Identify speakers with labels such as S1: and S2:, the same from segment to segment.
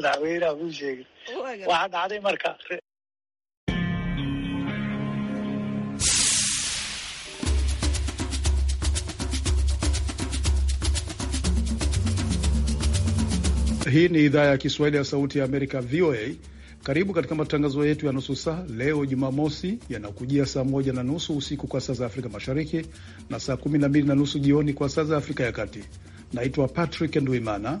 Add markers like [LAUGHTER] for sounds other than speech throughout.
S1: madaxweynaha buu sheegay waxa dhacday marka Hii ni idhaa ya Kiswahili ya Sauti ya Amerika, VOA. Karibu katika matangazo yetu ya nusu saa leo Jumamosi, yanakujia saa moja na nusu usiku kwa saa za Afrika Mashariki na saa kumi na mbili na nusu jioni kwa saa za Afrika ya Kati. Naitwa Patrick Nduimana.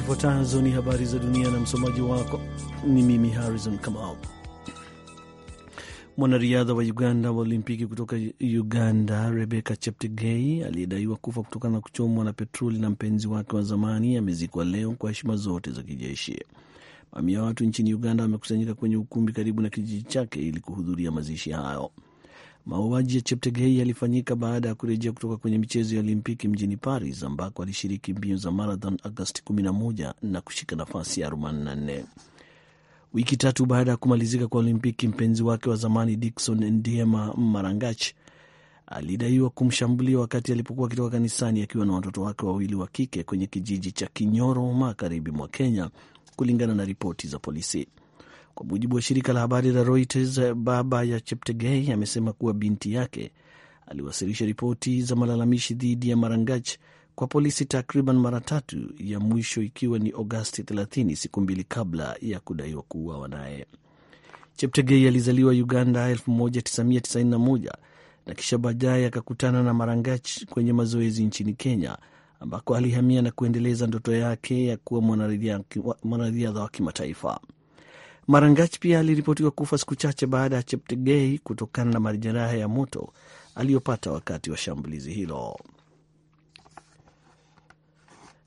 S2: Zifuatazo ni habari za dunia na msomaji wako ni mimi Harrison Kamau. Mwanariadha wa Uganda wa Olimpiki kutoka Uganda, Rebeka Cheptegei, aliyedaiwa kufa kutokana na kuchomwa na petroli na mpenzi wake wa zamani, amezikwa leo kwa heshima zote za kijeshi. Mamia ya watu nchini Uganda wamekusanyika kwenye ukumbi karibu na kijiji chake ili kuhudhuria mazishi hayo. Mauaji ya Cheptegei yalifanyika baada ya kurejea kutoka kwenye michezo ya Olimpiki mjini Paris, ambako alishiriki mbio za marathon Agosti 11 na kushika nafasi ya 44. Wiki tatu baada ya kumalizika kwa Olimpiki, mpenzi wake wa zamani dikson Ndiema Marangach alidaiwa kumshambulia wakati alipokuwa akitoka kanisani akiwa na watoto wake wawili wa kike kwenye kijiji cha Kinyoro, magharibi mwa Kenya, kulingana na ripoti za polisi. Kwa mujibu wa shirika la habari la Reuters, baba ya Cheptegei amesema kuwa binti yake aliwasilisha ripoti za malalamishi dhidi ya Marangach kwa polisi takriban mara tatu, ya mwisho ikiwa ni Agosti 30, siku mbili kabla ya kudaiwa kuuawa naye. Cheptegei alizaliwa Uganda 1991 na kisha baadaye akakutana na Marangach kwenye mazoezi nchini Kenya ambako alihamia na kuendeleza ndoto yake ya kuwa mwanariadha wa kimataifa. Marangach pia aliripotiwa kufa siku chache baada ya Cheptegei kutokana na majeraha ya moto aliyopata wakati wa shambulizi hilo.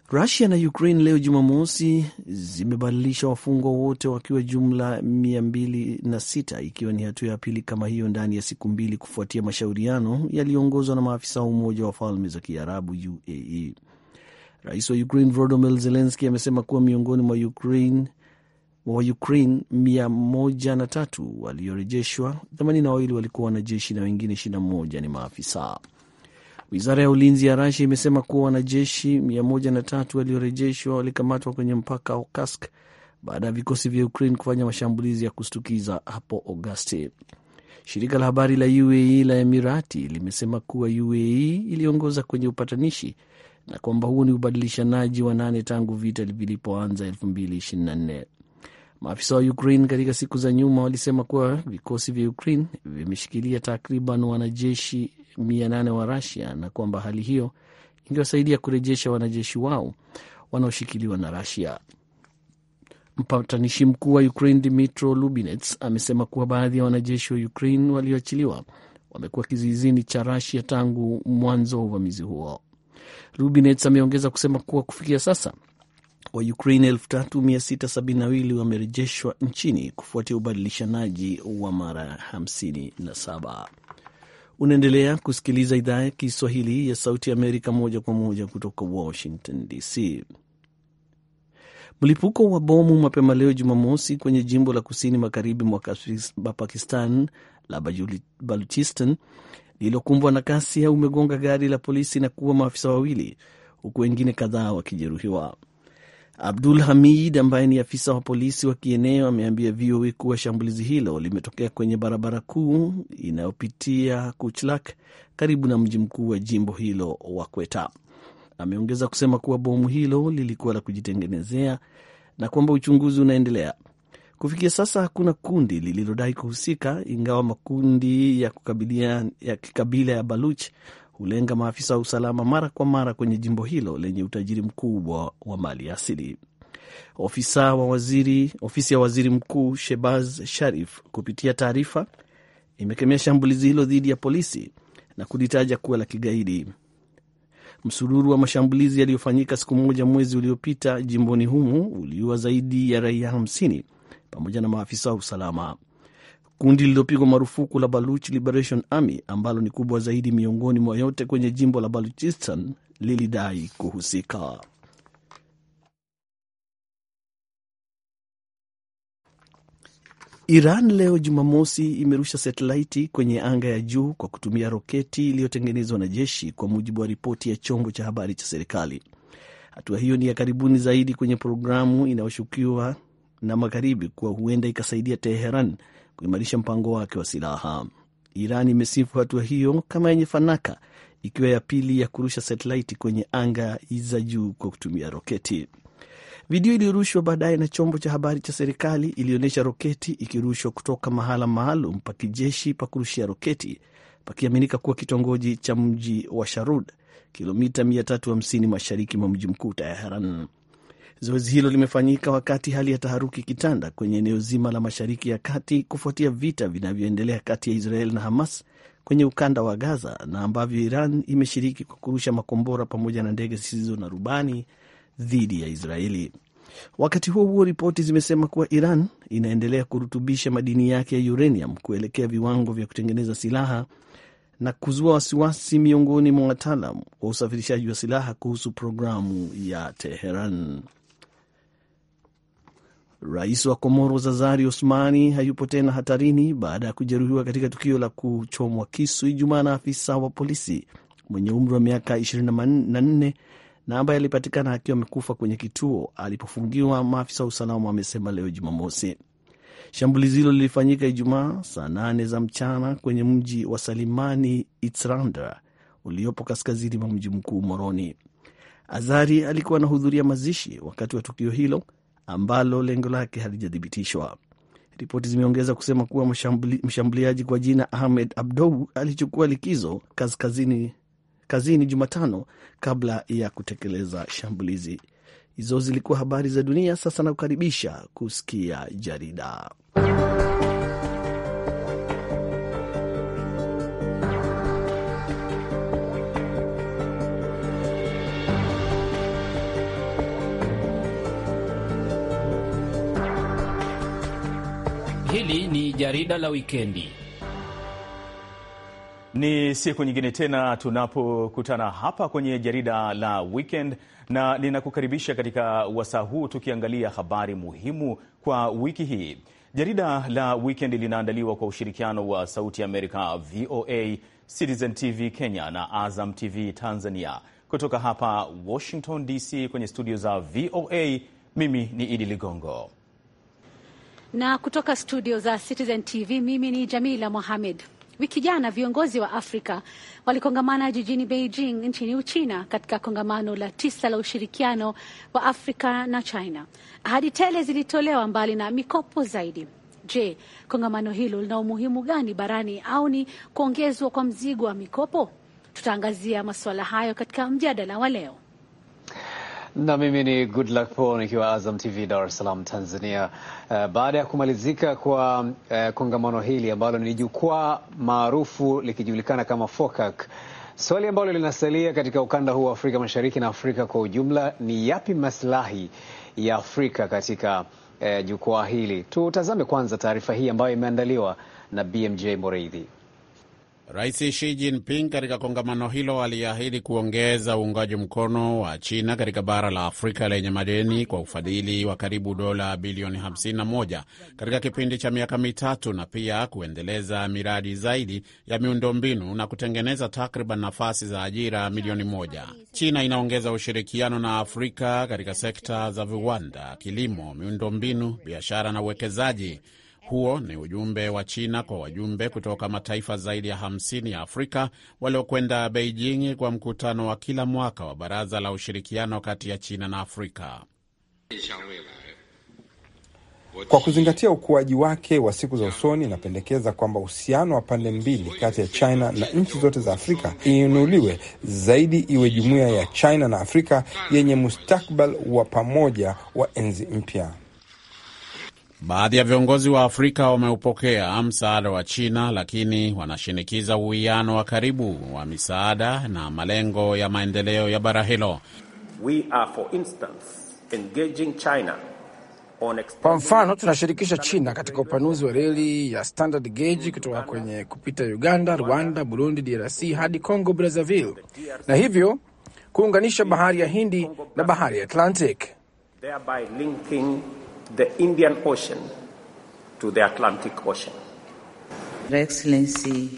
S2: Rusia na Ukraine leo Jumamosi zimebadilisha wafungwa wote wakiwa jumla 206 ikiwa ni hatua ya pili kama hiyo ndani ya siku mbili kufuatia mashauriano yaliyoongozwa na maafisa wa Umoja wa Falme za Kiarabu UAE. Rais wa Ukraine Volodymyr Zelensky amesema kuwa miongoni mwa Ukraine wa Ukraine mia moja na tatu waliorejeshwa, themanini na wawili walikuwa wanajeshi na wengine ishirini na moja ni maafisa. Wizara ya ulinzi ya Rasia imesema kuwa wanajeshi mia moja na tatu waliorejeshwa walikamatwa kwenye mpaka wa Kursk baada ya vikosi vya Ukraine kufanya mashambulizi ya kustukiza hapo Agosti. Shirika la habari la UAE la Emirati limesema kuwa UAE iliongoza kwenye upatanishi na kwamba huo ni ubadilishanaji wa nane tangu vita vilipoanza 2024. Maafisa wa Ukraine katika siku za nyuma walisema kuwa vikosi vya Ukraine vimeshikilia takriban wanajeshi 800 wa Rusia na kwamba hali hiyo ingewasaidia kurejesha wanajeshi wao wanaoshikiliwa na Rusia. Mpatanishi mkuu wa Ukraine Dmytro Lubinets amesema kuwa baadhi ya wanajeshi wa Ukraine walioachiliwa wamekuwa kizuizini cha Rusia tangu mwanzo wa uvamizi huo. Lubinets ameongeza kusema kuwa kufikia sasa wa Ukraine 3672 wamerejeshwa nchini kufuatia ubadilishanaji wa mara 57. Unaendelea kusikiliza idhaa ya Kiswahili ya Sauti Amerika moja kwa moja kutoka Washington DC. Mlipuko wa bomu mapema leo Jumamosi kwenye jimbo la kusini magharibi mwa Pakistan la Baluchistan lililokumbwa na kasi ya umegonga gari la polisi na kuua maafisa wawili huku wengine kadhaa wakijeruhiwa. Abdul Hamid ambaye ni afisa wa polisi wa kieneo ameambia VOA kuwa shambulizi hilo limetokea kwenye barabara kuu inayopitia Kuchlak karibu na mji mkuu wa jimbo hilo wa Kweta. Ameongeza kusema kuwa bomu hilo lilikuwa la kujitengenezea na kwamba uchunguzi unaendelea. Kufikia sasa hakuna kundi lililodai kuhusika, ingawa makundi ya, ya kikabila ya Baluch hulenga maafisa wa usalama mara kwa mara kwenye jimbo hilo lenye utajiri mkubwa wa mali asili. Ofisa wa waziri, ofisi ya waziri mkuu Shebaz Sharif kupitia taarifa imekemea shambulizi hilo dhidi ya polisi na kulitaja kuwa la kigaidi. Msururu wa mashambulizi yaliyofanyika siku moja mwezi uliopita jimboni humu uliua zaidi ya raia 50 pamoja na maafisa wa usalama. Kundi lililopigwa marufuku la Baluch Liberation Army ambalo ni kubwa zaidi miongoni mwa yote kwenye jimbo la Baluchistan lilidai kuhusika. Iran leo Jumamosi imerusha satelaiti kwenye anga ya juu kwa kutumia roketi iliyotengenezwa na jeshi, kwa mujibu wa ripoti ya chombo cha habari cha serikali. Hatua hiyo ni ya karibuni zaidi kwenye programu inayoshukiwa na magharibi kuwa huenda ikasaidia Teheran kuimarisha mpango wake wa silaha. Iran imesifu hatua hiyo kama yenye fanaka, ikiwa ya pili ya kurusha satelaiti kwenye anga za juu kwa kutumia roketi. Video iliyorushwa baadaye na chombo cha habari cha serikali ilionyesha roketi ikirushwa kutoka mahala maalum pa kijeshi pa kurushia roketi pakiaminika kuwa kitongoji cha mji wa Sharud, kilomita 350 mashariki mwa mji mkuu Teheran. Zoezi hilo limefanyika wakati hali ya taharuki ikitanda kwenye eneo zima la Mashariki ya Kati kufuatia vita vinavyoendelea kati ya Israel na Hamas kwenye ukanda wa Gaza na ambavyo Iran imeshiriki kwa kurusha makombora pamoja na ndege zisizo na rubani dhidi ya Israeli. Wakati huo huo, ripoti zimesema kuwa Iran inaendelea kurutubisha madini yake ya uranium kuelekea viwango vya kutengeneza silaha na kuzua wasiwasi miongoni mwa wataalam wa usafirishaji wa silaha kuhusu programu ya Teheran. Rais wa Komoro Zazari Osmani hayupo tena hatarini baada ya kujeruhiwa katika tukio la kuchomwa kisu Ijumaa na afisa wa polisi mwenye umri wa miaka 24 na ambaye alipatikana akiwa amekufa kwenye kituo alipofungiwa, maafisa wa usalama wamesema leo Jumamosi. Shambulizi hilo lilifanyika Ijumaa saa nane za mchana kwenye mji wa Salimani Itsranda uliopo kaskazini mwa mji mkuu Moroni. Azari alikuwa anahudhuria mazishi wakati wa tukio hilo ambalo lengo lake halijathibitishwa. Ripoti zimeongeza kusema kuwa mshambuliaji kwa jina Ahmed Abdou alichukua likizo kaskazini kazini Jumatano kabla ya kutekeleza shambulizi. Hizo zilikuwa habari za dunia. Sasa nakukaribisha kusikia jarida
S3: Hili ni jarida la wikendi. Ni siku nyingine tena tunapokutana hapa kwenye jarida la weekend, na ninakukaribisha katika wasaa huu tukiangalia habari muhimu kwa wiki hii. Jarida la weekend linaandaliwa kwa ushirikiano wa Sauti ya Amerika, VOA, Citizen TV Kenya na Azam TV Tanzania. Kutoka hapa Washington DC, kwenye studio za VOA, mimi ni Idi Ligongo.
S4: Na kutoka studio za Citizen TV mimi ni Jamila Mohamed. Wiki jana viongozi wa Afrika walikongamana jijini Beijing nchini Uchina katika kongamano la tisa la ushirikiano wa Afrika na China. Ahadi tele zilitolewa mbali na mikopo zaidi. Je, kongamano hilo lina umuhimu gani barani au ni kuongezwa kwa mzigo wa mikopo? Tutaangazia masuala hayo katika mjadala wa leo.
S5: Na mimi ni good luck po nikiwa Azam TV Dar es Salaam Tanzania. Uh, baada ya kumalizika kwa uh, kongamano hili ambalo ni jukwaa maarufu likijulikana kama FOCAC, swali ambalo linasalia katika ukanda huu wa Afrika Mashariki na Afrika kwa ujumla ni yapi maslahi ya Afrika katika uh, jukwaa hili? Tutazame kwanza taarifa hii ambayo imeandaliwa na BMJ Moreidhi.
S6: Rais Xi Jinping katika kongamano hilo aliahidi kuongeza uungaji mkono wa China katika bara la Afrika lenye madeni kwa ufadhili wa karibu dola bilioni 51 katika kipindi cha miaka mitatu na pia kuendeleza miradi zaidi ya miundombinu na kutengeneza takriban nafasi za ajira milioni moja. China inaongeza ushirikiano na Afrika katika sekta za viwanda, kilimo, miundombinu, biashara na uwekezaji. Huo ni ujumbe wa China kwa wajumbe kutoka mataifa zaidi ya 50 ya Afrika waliokwenda Beijing kwa mkutano wa kila mwaka wa Baraza la Ushirikiano kati ya China na Afrika.
S7: Kwa kuzingatia ukuaji wake wa siku za usoni, inapendekeza kwamba uhusiano wa pande mbili kati ya China na nchi zote za Afrika iinuliwe zaidi, iwe jumuiya ya China na Afrika yenye mustakbal wa pamoja wa enzi mpya.
S6: Baadhi ya viongozi wa Afrika wameupokea msaada wa China, lakini wanashinikiza uwiano wa karibu wa misaada na malengo ya maendeleo ya bara hilo.
S3: Kwa mfano, tunashirikisha
S7: China katika upanuzi wa reli ya standard gauge kutoka kwenye kupita Uganda, Rwanda, Burundi, DRC hadi Congo Brazzaville, na hivyo kuunganisha bahari ya
S2: Hindi na bahari ya Atlantic
S3: the Indian Ocean to the Atlantic Ocean. Your Excellency,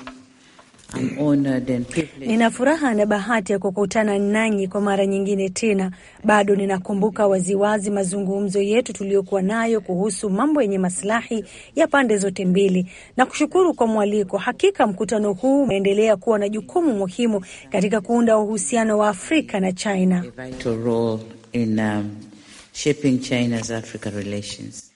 S3: I'm honored and privileged. Nina
S4: furaha na bahati ya kukutana nanyi kwa mara nyingine tena. Bado ninakumbuka waziwazi mazungumzo yetu tuliyokuwa nayo kuhusu mambo yenye maslahi ya pande zote mbili, na kushukuru kwa mwaliko. Hakika mkutano huu umeendelea kuwa na jukumu muhimu katika kuunda uhusiano wa Afrika na China. Um, Shaping China's Africa Relations.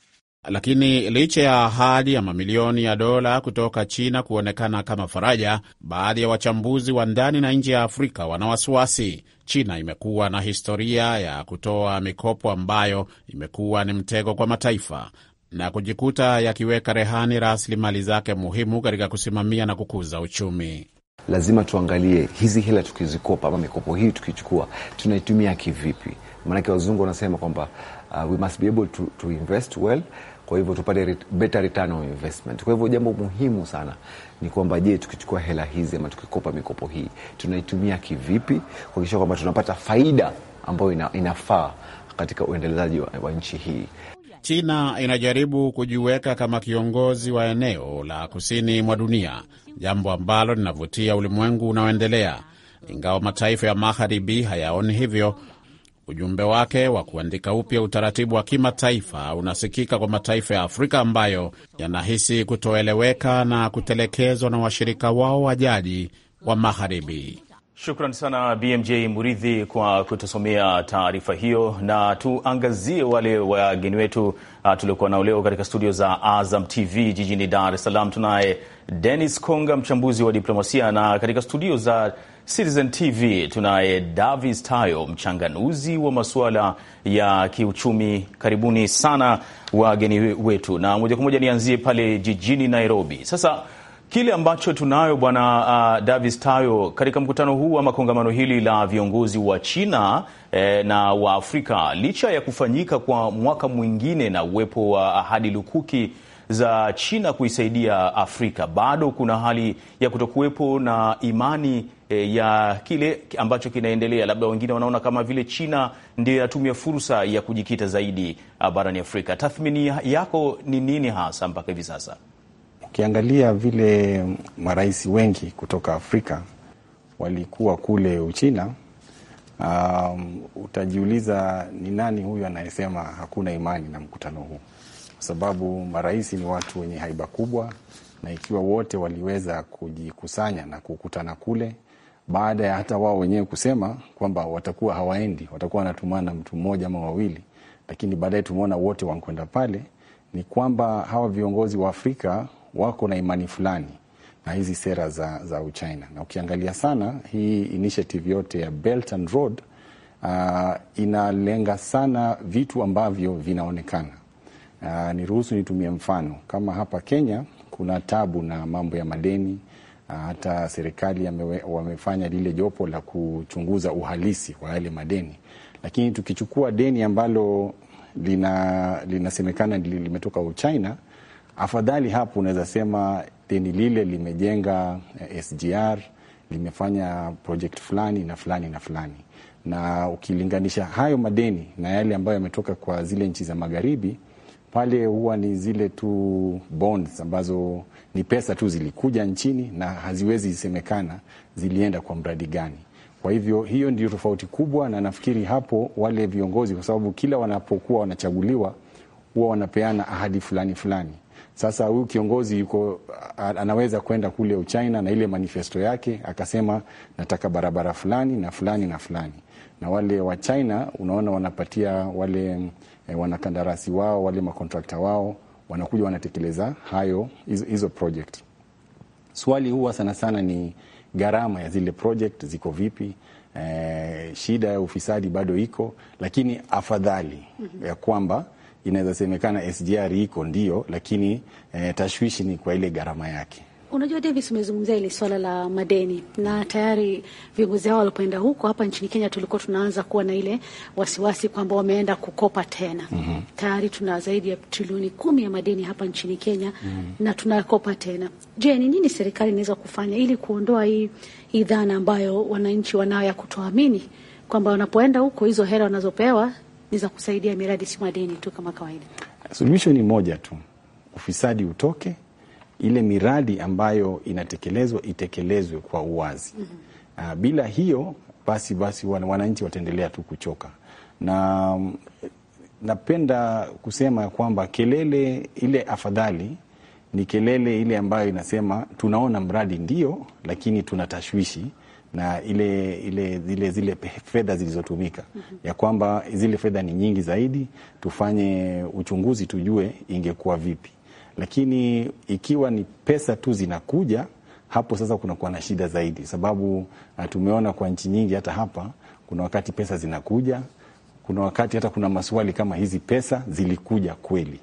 S6: Lakini licha ya ahadi ya mamilioni ya dola kutoka China kuonekana kama faraja, baadhi ya wachambuzi wa ndani na nje ya Afrika wana wasiwasi. China imekuwa na historia ya kutoa mikopo ambayo imekuwa ni mtego kwa mataifa na kujikuta yakiweka rehani rasilimali zake muhimu katika kusimamia na kukuza uchumi.
S7: Lazima tuangalie hizi hela tukizikopa, ama mikopo hii tukichukua, tunaitumia kivipi? maanake wazungu wanasema kwamba uh, we must be able to, to invest well kwa hivyo tupate better return on investment. Kwa hivyo jambo muhimu sana ni kwamba, je, tukichukua hela hizi ama tukikopa mikopo hii tunaitumia kivipi kuhakikisha kwamba tunapata faida
S6: ambayo ina, inafaa katika uendelezaji wa, wa nchi hii. China inajaribu kujiweka kama kiongozi wa eneo la kusini mwa dunia, jambo ambalo linavutia ulimwengu unaoendelea, ingawa mataifa ya magharibi hayaoni hivyo Ujumbe wake wa kuandika upya utaratibu wa kimataifa unasikika kwa mataifa ya Afrika ambayo yanahisi kutoeleweka na kutelekezwa na washirika wao wa jadi wa Magharibi.
S3: Shukran sana BMJ Muridhi kwa kutusomea taarifa hiyo, na tuangazie wale wageni wetu uh, tuliokuwa nao leo katika studio za Azam TV jijini Dar es Salaam. Tunaye Dennis Konga, mchambuzi wa diplomasia, na katika studio za Citizen TV tunaye Davis Tayo, mchanganuzi wa masuala ya kiuchumi. Karibuni sana wageni wetu, na moja kwa moja nianzie pale jijini Nairobi. Sasa kile ambacho tunayo bwana uh, Davis Tayo, katika mkutano huu ama kongamano hili la viongozi wa China eh, na wa Afrika, licha ya kufanyika kwa mwaka mwingine na uwepo wa ahadi lukuki za China kuisaidia Afrika, bado kuna hali ya kutokuwepo na imani e, ya kile ambacho kinaendelea. Labda wengine wanaona kama vile China ndio yatumia fursa ya kujikita zaidi barani Afrika. Tathmini yako ni nini hasa mpaka hivi sasa?
S7: Ukiangalia vile marais wengi kutoka Afrika walikuwa kule Uchina, um, utajiuliza ni nani huyu anayesema hakuna imani na mkutano huu? kwa sababu marais ni watu wenye haiba kubwa, na ikiwa wote waliweza kujikusanya na kukutana kule, baada ya hata wao wenyewe kusema kwamba watakuwa hawaendi, watakuwa wanatumana mtu mmoja ama wawili, lakini baadaye tumeona wote wankwenda pale, ni kwamba hawa viongozi wa Afrika wako na imani fulani na hizi sera za, za Uchina. Na ukiangalia sana hii initiative yote ya Belt and Road uh, inalenga sana vitu ambavyo vinaonekana Uh, niruhusu nitumie mfano kama hapa Kenya kuna tabu na mambo ya madeni. Uh, hata serikali wamefanya lile jopo la kuchunguza uhalisi wa yale madeni, lakini tukichukua deni ambalo linasemekana limetoka Uchina, afadhali hapo unaweza sema deni lile limejenga eh, SGR limefanya project fulani na fulani na fulani, na ukilinganisha hayo madeni na yale ambayo yametoka kwa zile nchi za magharibi pale huwa ni zile tu bonds ambazo ni pesa tu zilikuja nchini na haziwezi isemekana zilienda kwa mradi gani. Kwa hivyo hiyo ndio tofauti kubwa, na nafikiri hapo wale viongozi, kwa sababu kila wanapokuwa wanachaguliwa huwa wanapeana ahadi fulani fulani. Sasa huyu kiongozi yuko anaweza kwenda kule Uchina na ile manifesto yake akasema, nataka barabara fulani na fulani na fulani, na wale wa China unaona wanapatia wale eh, wanakandarasi wao wale makontrakta wao wanakuja wanatekeleza hayo hizo, project. Swali huwa sana sana ni gharama ya zile project ziko vipi? Eh, shida ya ufisadi bado iko, lakini afadhali mm -hmm. ya kwamba inaweza semekana SGR iko ndio, lakini eh, tashwishi ni kwa ile gharama yake.
S4: Unajua Davis, umezungumzia ile swala la madeni na tayari viongozi hao walipoenda huko, hapa nchini Kenya tulikuwa tunaanza kuwa na ile wasiwasi kwamba wameenda kukopa tena. mm -hmm. Tayari tuna zaidi ya trilioni kumi ya madeni hapa nchini Kenya. mm -hmm. na tunakopa tena. Je, ni nini serikali inaweza kufanya ili kuondoa hii hii dhana ambayo wananchi wanayo ya kutoamini kwamba wanapoenda huko hizo hela wanazopewa ni za kusaidia miradi, si madeni tu kama kawaida?
S7: Suluhisho ni moja tu, ufisadi utoke ile miradi ambayo inatekelezwa itekelezwe kwa uwazi. mm -hmm. Bila hiyo basi basi wananchi wataendelea tu kuchoka, na napenda kusema kwamba kelele ile afadhali ni kelele ile ambayo inasema tunaona mradi ndio, lakini tuna tashwishi na ile, ile, zile, zile fedha zilizotumika mm -hmm. ya kwamba zile fedha ni nyingi zaidi, tufanye uchunguzi tujue ingekuwa vipi. Lakini ikiwa ni pesa tu zinakuja, hapo sasa kunakuwa na shida zaidi, sababu ah, tumeona kwa nchi nyingi, hata hapa kuna wakati pesa zinakuja, kuna wakati hata kuna maswali kama hizi pesa zilikuja kweli?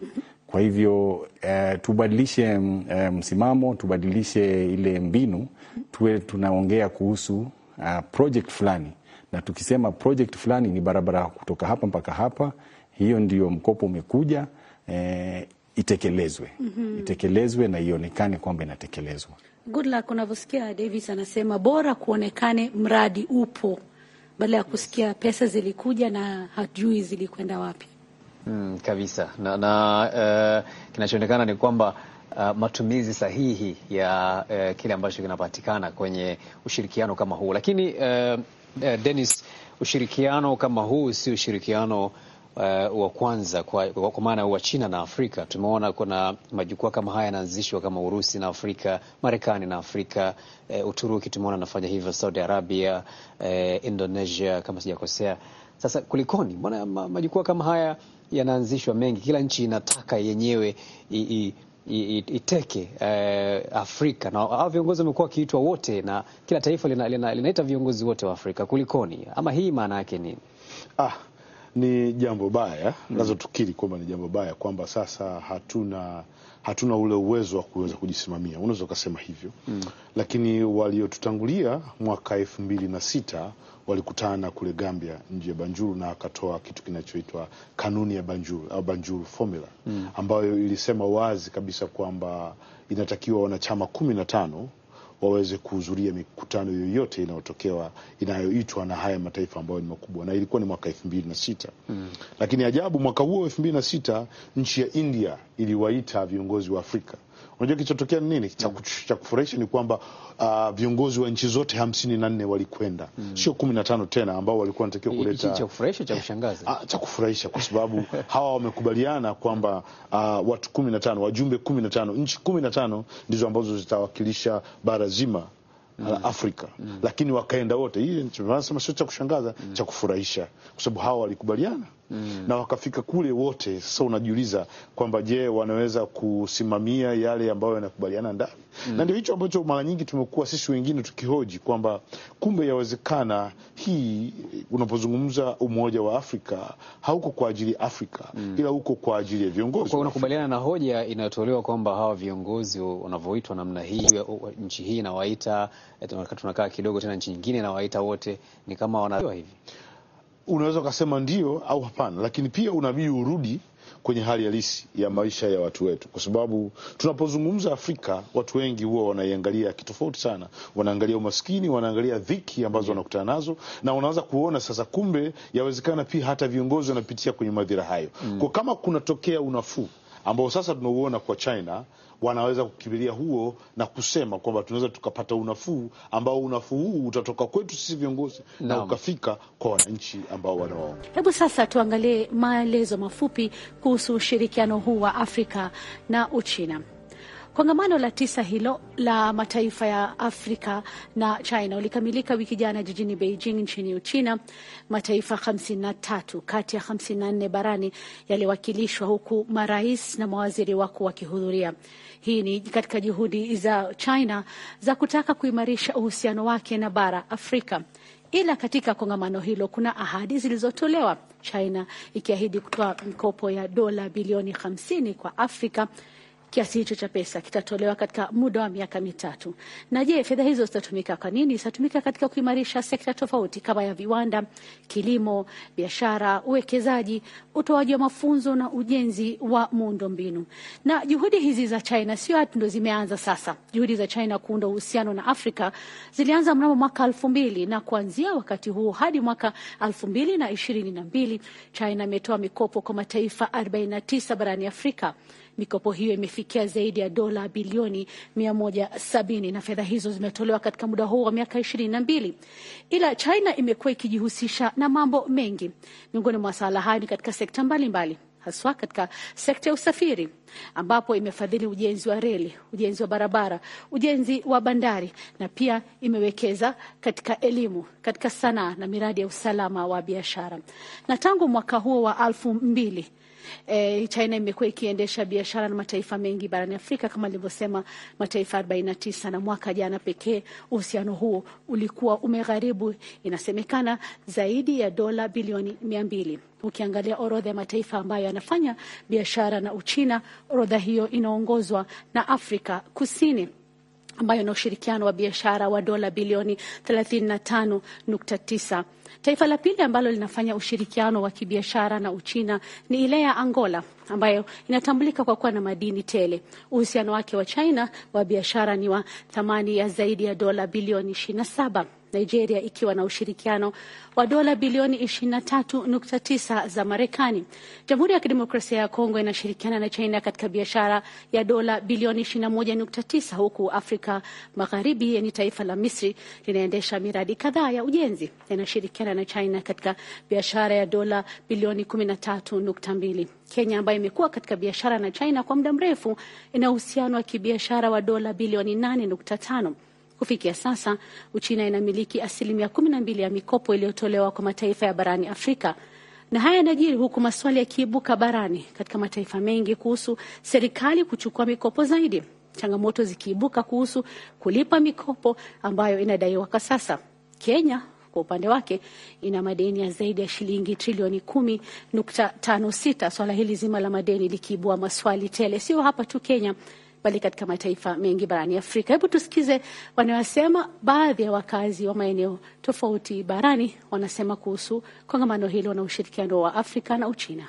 S7: Kwa hivyo eh, tubadilishe eh, msimamo, tubadilishe ile mbinu, tuwe tunaongea kuhusu eh, project fulani, na tukisema project fulani ni barabara kutoka hapa mpaka hapa, hiyo ndio mkopo umekuja. Eh, itekelezwe mm -hmm. Itekelezwe na ionekane kwamba inatekelezwa.
S4: Good luck, unavyosikia Davis anasema bora kuonekane mradi upo badala ya kusikia pesa zilikuja na hajui zilikwenda wapi.
S5: Mm, kabisa na, na uh, kinachoonekana ni kwamba Uh, matumizi sahihi ya uh, kile ambacho kinapatikana kwenye ushirikiano kama huu. Lakini uh, uh, Dennis, ushirikiano kama huu si ushirikiano uh, wa kwanza kwa, kwa maana wa China na Afrika. Tumeona kuna majukwaa kama haya yanaanzishwa kama Urusi na Afrika, Marekani na Afrika, uh, Uturuki tumeona anafanya hivyo, Saudi Arabia, uh, Indonesia kama sijakosea. Sasa kulikoni, mbona majukwaa kama haya yanaanzishwa mengi? Kila nchi inataka yenyewe i, i, iteke uh, Afrika na hao viongozi wamekuwa wakiitwa wote na kila taifa linaita lina, lina, linaita viongozi wote wa Afrika. Kulikoni? Ama hii maana yake nini?
S8: Ah, ni jambo baya mm. Nazo tukiri kwamba ni jambo baya kwamba sasa hatuna hatuna ule uwezo wa kuweza kujisimamia, unaweza ukasema hivyo mm. Lakini waliotutangulia mwaka elfu mbili na sita walikutana kule Gambia nje ya banjuru na akatoa kitu kinachoitwa kanuni ya Banjulu au Banjulu formula mm. ambayo ilisema wazi kabisa kwamba inatakiwa wanachama kumi na tano waweze kuhudhuria mikutano yoyote inayotokewa inayoitwa na haya mataifa ambayo ni makubwa, na ilikuwa ni mwaka elfu mbili na sita mm. Lakini ajabu, mwaka huo elfu mbili na sita nchi ya India iliwaita viongozi wa Afrika Unajua kilichotokea ni nini cha mm. cha kufurahisha ni kwamba uh, viongozi wa nchi zote hamsini na nne walikwenda mm. sio kumi na tano tena ambao walikuwa wanatakiwa kuleta cha kufurahisha cha eh, kushangaza ah, cha kufurahisha kwa sababu [LAUGHS] hawa wamekubaliana kwamba uh, watu kumi na tano wajumbe kumi na tano nchi kumi na tano ndizo ambazo zitawakilisha bara zima la mm. Afrika mm. lakini wakaenda wote. Hii tunasema sio cha kushangaza mm. cha kufurahisha, kwa sababu hawa walikubaliana. Mm. na wakafika kule wote. Sasa so unajiuliza kwamba je, wanaweza kusimamia yale ambayo yanakubaliana ndani mm. na ndio hicho ambacho mara nyingi tumekuwa sisi wengine tukihoji kwamba kumbe yawezekana hii, unapozungumza umoja
S5: wa Afrika hauko kwa ajili ya Afrika mm. ila uko kwa ajili ya viongozi. Kwa unakubaliana na hoja inayotolewa kwamba hawa viongozi wanavyoitwa namna hii, nchi hii inawaita, eh, tunakaa kidogo tena, nchi nyingine inawaita, wote ni kama wanaelewa hivi unaweza ukasema ndio au hapana,
S8: lakini pia unabidi urudi kwenye hali halisi ya maisha ya watu wetu, kwa sababu tunapozungumza Afrika, watu wengi huwa wanaiangalia kitofauti sana. Wanaangalia umaskini, wanaangalia dhiki ambazo wanakutana nazo, na wanaanza kuona sasa, kumbe yawezekana pia hata viongozi wanapitia kwenye madhira hayo. Mm. Kwa kama kunatokea unafuu ambao sasa tunauona kwa China wanaweza kukimbilia huo na kusema kwamba tunaweza tukapata unafuu ambao unafuu huu utatoka kwetu sisi viongozi na, na ukafika kwa wananchi ambao wanawaona.
S4: Hebu sasa tuangalie maelezo mafupi kuhusu ushirikiano huu wa Afrika na Uchina. Kongamano la tisa hilo la mataifa ya Afrika na China ulikamilika wiki jana jijini Beijing nchini Uchina. Mataifa 53 kati ya 54 barani yaliwakilishwa, huku marais na mawaziri wakuu wakihudhuria. Hii ni katika juhudi za China za kutaka kuimarisha uhusiano wake na bara Afrika. Ila katika kongamano hilo kuna ahadi zilizotolewa, China ikiahidi kutoa mikopo ya dola bilioni 50 kwa Afrika kiasi hicho cha pesa kitatolewa katika muda wa miaka mitatu. Na je, fedha hizo zitatumika kwa nini? Zitatumika katika kuimarisha sekta tofauti kama ya viwanda, kilimo, biashara, uwekezaji, utoaji wa mafunzo na ujenzi wa muundo mbinu. Na juhudi hizi za China sio hatu ndo zimeanza sasa. Juhudi za China kuunda uhusiano na Afrika zilianza mnamo mwaka elfu mbili na kuanzia wakati huo hadi mwaka elfu mbili na ishirini na mbili China imetoa mikopo kwa mataifa 49 barani Afrika. Mikopo hiyo imefikia zaidi ya dola bilioni 170 na fedha hizo zimetolewa katika muda huo wa miaka ishirini na mbili. Ila China imekuwa ikijihusisha na mambo mengi. Miongoni mwa sala hayo ni katika sekta mbalimbali mbali haswa katika sekta ya usafiri ambapo imefadhili ujenzi wa reli, ujenzi wa barabara, ujenzi wa bandari na pia imewekeza katika elimu, katika sanaa na miradi ya usalama wa biashara. Na tangu mwaka huo wa alfu mbili E, China imekuwa ikiendesha biashara na mataifa mengi barani Afrika kama nilivyosema, mataifa 49 na mwaka jana pekee uhusiano huo ulikuwa umegharibu inasemekana zaidi ya dola bilioni mia mbili. Ukiangalia orodha ya mataifa ambayo yanafanya biashara na Uchina, orodha hiyo inaongozwa na Afrika Kusini ambayo ina ushirikiano wa biashara wa dola bilioni 35.9. Taifa la pili ambalo linafanya ushirikiano wa kibiashara na Uchina ni ile ya Angola ambayo inatambulika kwa kuwa na madini tele. Uhusiano wake wa China wa biashara ni wa thamani ya zaidi ya dola bilioni saba. Nigeria ikiwa na ushirikiano wa dola bilioni 23.9 za Marekani. Jamhuri ya Kidemokrasia ya Kongo inashirikiana na China katika biashara ya dola bilioni 21.9 huku Afrika Magharibi yani taifa la Misri linaendesha miradi kadhaa ya ujenzi. Inashirikiana na China katika biashara ya dola bilioni 13.2. Kenya ambayo imekuwa katika biashara na China kwa muda mrefu ina uhusiano wa kibiashara wa dola bilioni 8.5. Kufikia sasa Uchina inamiliki asilimia kumi na mbili ya mikopo iliyotolewa kwa mataifa ya barani Afrika. Na haya yanajiri huku maswali yakiibuka barani katika mataifa mengi kuhusu serikali kuchukua mikopo zaidi, changamoto zikiibuka kuhusu kulipa mikopo ambayo inadaiwa kwa sasa. Kenya kwa upande wake ina madeni ya zaidi ya shilingi trilioni kumi nukta tano sita, swala hili zima la madeni likiibua maswali tele, sio hapa tu Kenya bali katika mataifa mengi barani Afrika. Hebu tusikize wanayosema baadhi ya wakazi wa maeneo tofauti barani wanasema kuhusu kongamano hilo na ushirikiano wa Afrika na Uchina.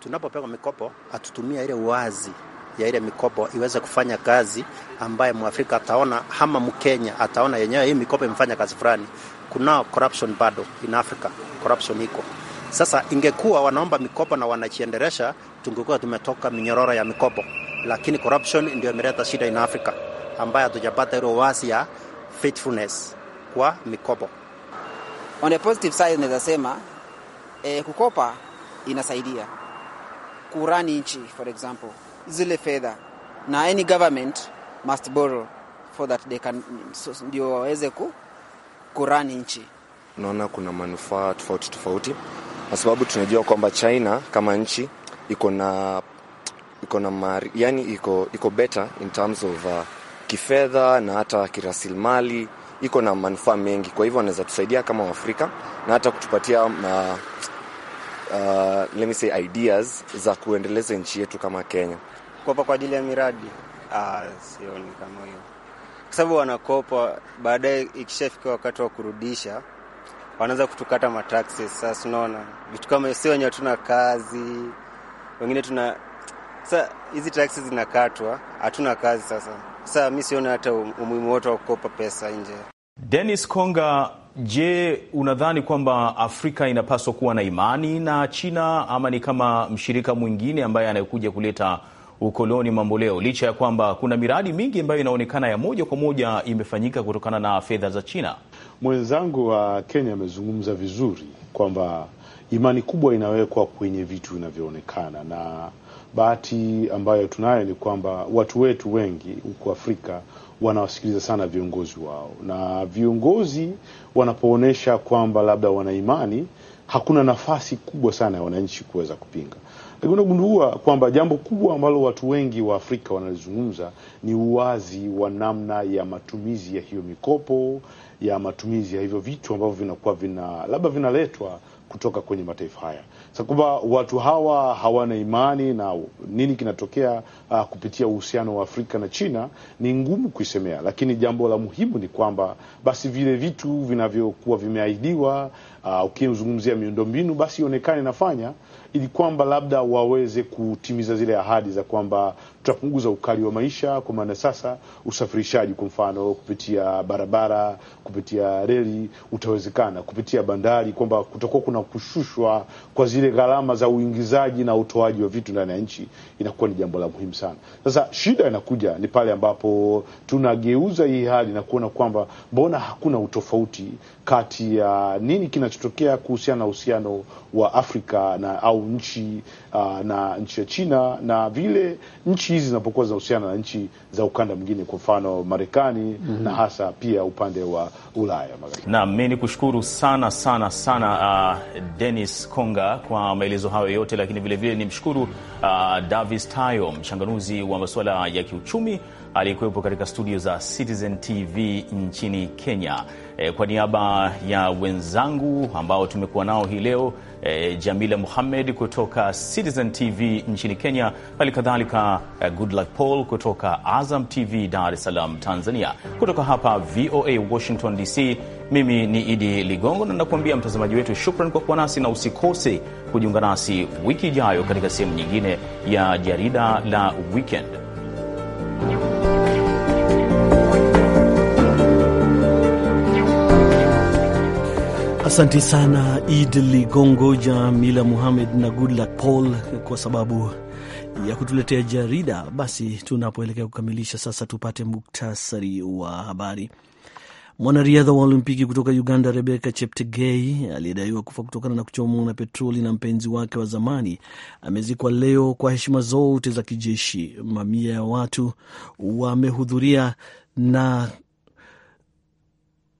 S7: Tunapopewa mikopo hatutumia ile uwazi ya ile mikopo iweze kufanya kazi ambaye Mwafrika ataona ama Mkenya ataona yenyewe hii mikopo imefanya kazi fulani. Kunao corruption bado in Africa, corruption iko sasa. Ingekuwa wanaomba mikopo na wanajiendelesha, tungekuwa tumetoka minyororo ya mikopo lakini corruption ndio imeleta shida in Africa, ambayo hatujapata ile wazi ya faithfulness kwa mikopo. On a positive side naweza sema
S6: eh, kukopa inasaidia kurani nchi, for example zile fedha, na any government must borrow for that they can so, ndio waweze ku, kurani nchi.
S7: Naona kuna manufaa tofauti tofauti, kwa sababu tunajua kwamba China kama nchi iko na iko na mar, yani iko, iko better in terms of uh, kifedha na hata kirasilimali iko na manufaa mengi, kwa hivyo wanaweza tusaidia kama Waafrika na hata kutupatia uh, uh, let me say ideas za kuendeleza nchi yetu kama Kenya. Kopa kwa ajili ya miradi ah, sioni kama hiyo, kwa sababu wanakopa, baadaye ikishafika wakati wa kurudisha wanaanza kutukata mataxes. Sasa unaona vitu kama sio wenye, hatuna kazi wengine tuna sasa hizi taksi zinakatwa, hatuna kazi sasa. Sasa mi sioni hata um, umuhimu wote wa kukopa pesa nje.
S3: Dennis Konga, je, unadhani kwamba Afrika inapaswa kuwa na imani na China ama ni kama mshirika mwingine ambaye anayekuja kuleta ukoloni mamboleo, licha ya kwamba kuna miradi mingi ambayo inaonekana ya moja kwa moja imefanyika kutokana na fedha za China?
S8: Mwenzangu wa Kenya amezungumza vizuri kwamba imani kubwa inawekwa kwenye vitu vinavyoonekana na Bahati ambayo tunayo ni kwamba watu wetu wengi huko Afrika wanawasikiliza sana viongozi wao, na viongozi wanapoonyesha kwamba labda wana imani, hakuna nafasi kubwa sana ya wananchi kuweza kupinga. Lakini unagundua kwamba jambo kubwa ambalo watu wengi wa Afrika wanalizungumza ni uwazi wa namna ya matumizi ya hiyo mikopo, ya matumizi ya hivyo vitu ambavyo vinakuwa vina labda vinaletwa kutoka kwenye mataifa haya. Sasa watu hawa hawana imani na nini kinatokea uh, kupitia uhusiano wa Afrika na China ni ngumu kuisemea, lakini jambo la muhimu ni kwamba basi vile vitu vinavyokuwa vimeahidiwa, uh, ukizungumzia miundombinu, basi ionekane nafanya ili kwamba labda waweze kutimiza zile ahadi za kwamba tutapunguza ukali wa maisha, kwa maana sasa usafirishaji kwa mfano kupitia barabara, kupitia reli utawezekana, kupitia bandari, kwamba kutakuwa kuna kushushwa kwa zile gharama za uingizaji na utoaji wa vitu ndani ya nchi, inakuwa ni jambo la muhimu sana. Sasa shida inakuja ni pale ambapo tunageuza hii hali na kuona kwamba mbona hakuna utofauti kati ya nini kinachotokea kuhusiana na uhusiano wa Afrika na au nchi uh, na nchi ya China na vile nchi hizi zinapokuwa zinahusiana na nchi za ukanda mwingine, kwa mfano Marekani mm -hmm. na mhm. hasa pia upande wa Ulaya
S3: Naam, mi ni kushukuru sana sana sana uh, Dennis Konga kwa maelezo hayo yote, lakini vilevile ni mshukuru uh, Davis Tayo, mchanganuzi wa masuala ya kiuchumi aliyekuwepo katika studio za Citizen TV nchini Kenya. E, kwa niaba ya wenzangu ambao tumekuwa nao hii leo e, Jamila Muhammed kutoka Citizen TV nchini Kenya, hali kadhalika e, eh, Goodluck Paul kutoka Azam TV Dar es Salaam Tanzania. Kutoka hapa VOA Washington DC, mimi ni Idi Ligongo na nakuambia mtazamaji wetu, shukran kwa kuwa nasi na usikose kujiunga nasi wiki ijayo katika sehemu nyingine ya jarida la weekend.
S2: Asante sana Id Ligongo, Jamila Muhamed na Goodluck Paul kwa sababu ya kutuletea jarida. Basi tunapoelekea kukamilisha sasa, tupate muktasari wa habari. Mwanariadha wa Olimpiki kutoka Uganda rebeka Cheptegei aliyedaiwa kufa kutokana na kuchomwa na petroli na mpenzi wake wa zamani amezikwa leo kwa heshima zote za kijeshi. Mamia ya watu wamehudhuria na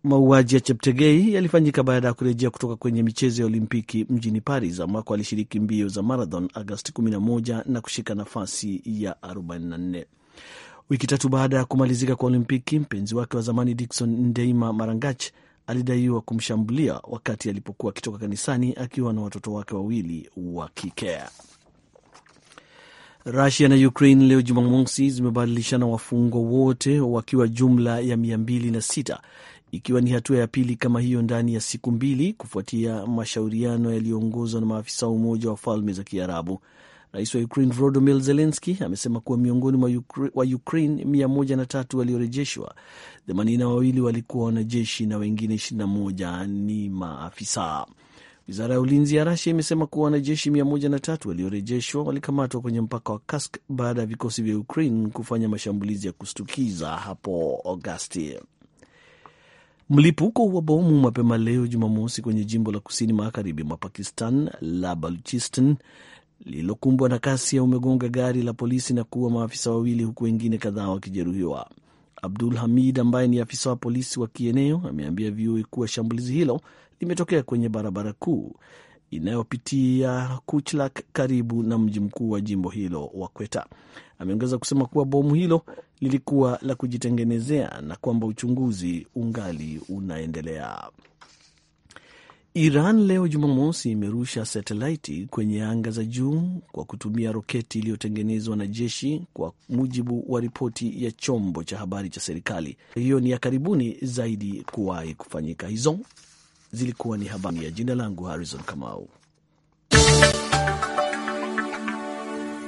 S2: Mauaji ya Cheptegei yalifanyika baada ya kurejea kutoka kwenye michezo ya Olimpiki mjini Paris ambako alishiriki mbio za marathon Agosti 11 na kushika nafasi ya 44. Wiki tatu baada ya kumalizika kwa Olimpiki, mpenzi wake wa zamani Dikson Ndeima Marangach alidaiwa kumshambulia wakati alipokuwa akitoka kanisani akiwa na watoto wake wawili wa kike. Rusia na Ukraine leo Jumamosi zimebadilishana wafungwa wote wakiwa jumla ya mia mbili na sita ikiwa ni hatua ya pili kama hiyo ndani ya siku mbili kufuatia mashauriano yaliyoongozwa na maafisa wa Umoja wa Falme za Kiarabu. Rais wa Ukraine Volodymyr Zelensky amesema kuwa miongoni mwa wa Ukraine mia moja na tatu waliorejeshwa, themanini na wawili walikuwa wanajeshi na wengine 21 ni maafisa. Wizara ya ulinzi ya Rasia imesema kuwa wanajeshi mia moja na tatu waliorejeshwa walikamatwa kwenye mpaka wa Kursk baada ya vikosi vya Ukraine kufanya mashambulizi ya kustukiza hapo Agosti. Mlipuko wa bomu mapema leo Jumamosi kwenye jimbo la kusini magharibi mwa Pakistan la Baluchistan lililokumbwa na kasi ya umegonga gari la polisi na kuua maafisa wawili huku wengine kadhaa wakijeruhiwa. Abdul Hamid ambaye ni afisa wa polisi wa kieneo ameambia VOA kuwa shambulizi hilo limetokea kwenye barabara kuu inayopitia Kuchlak karibu na mji mkuu wa jimbo hilo wa Kweta. Ameongeza kusema kuwa bomu hilo lilikuwa la kujitengenezea na kwamba uchunguzi ungali unaendelea. Iran leo Jumamosi imerusha satelaiti kwenye anga za juu kwa kutumia roketi iliyotengenezwa na jeshi, kwa mujibu wa ripoti ya chombo cha habari cha serikali. Hiyo ni ya karibuni zaidi kuwahi kufanyika. Hizo zilikuwa ni habari ya. Jina langu Harrison Kamau.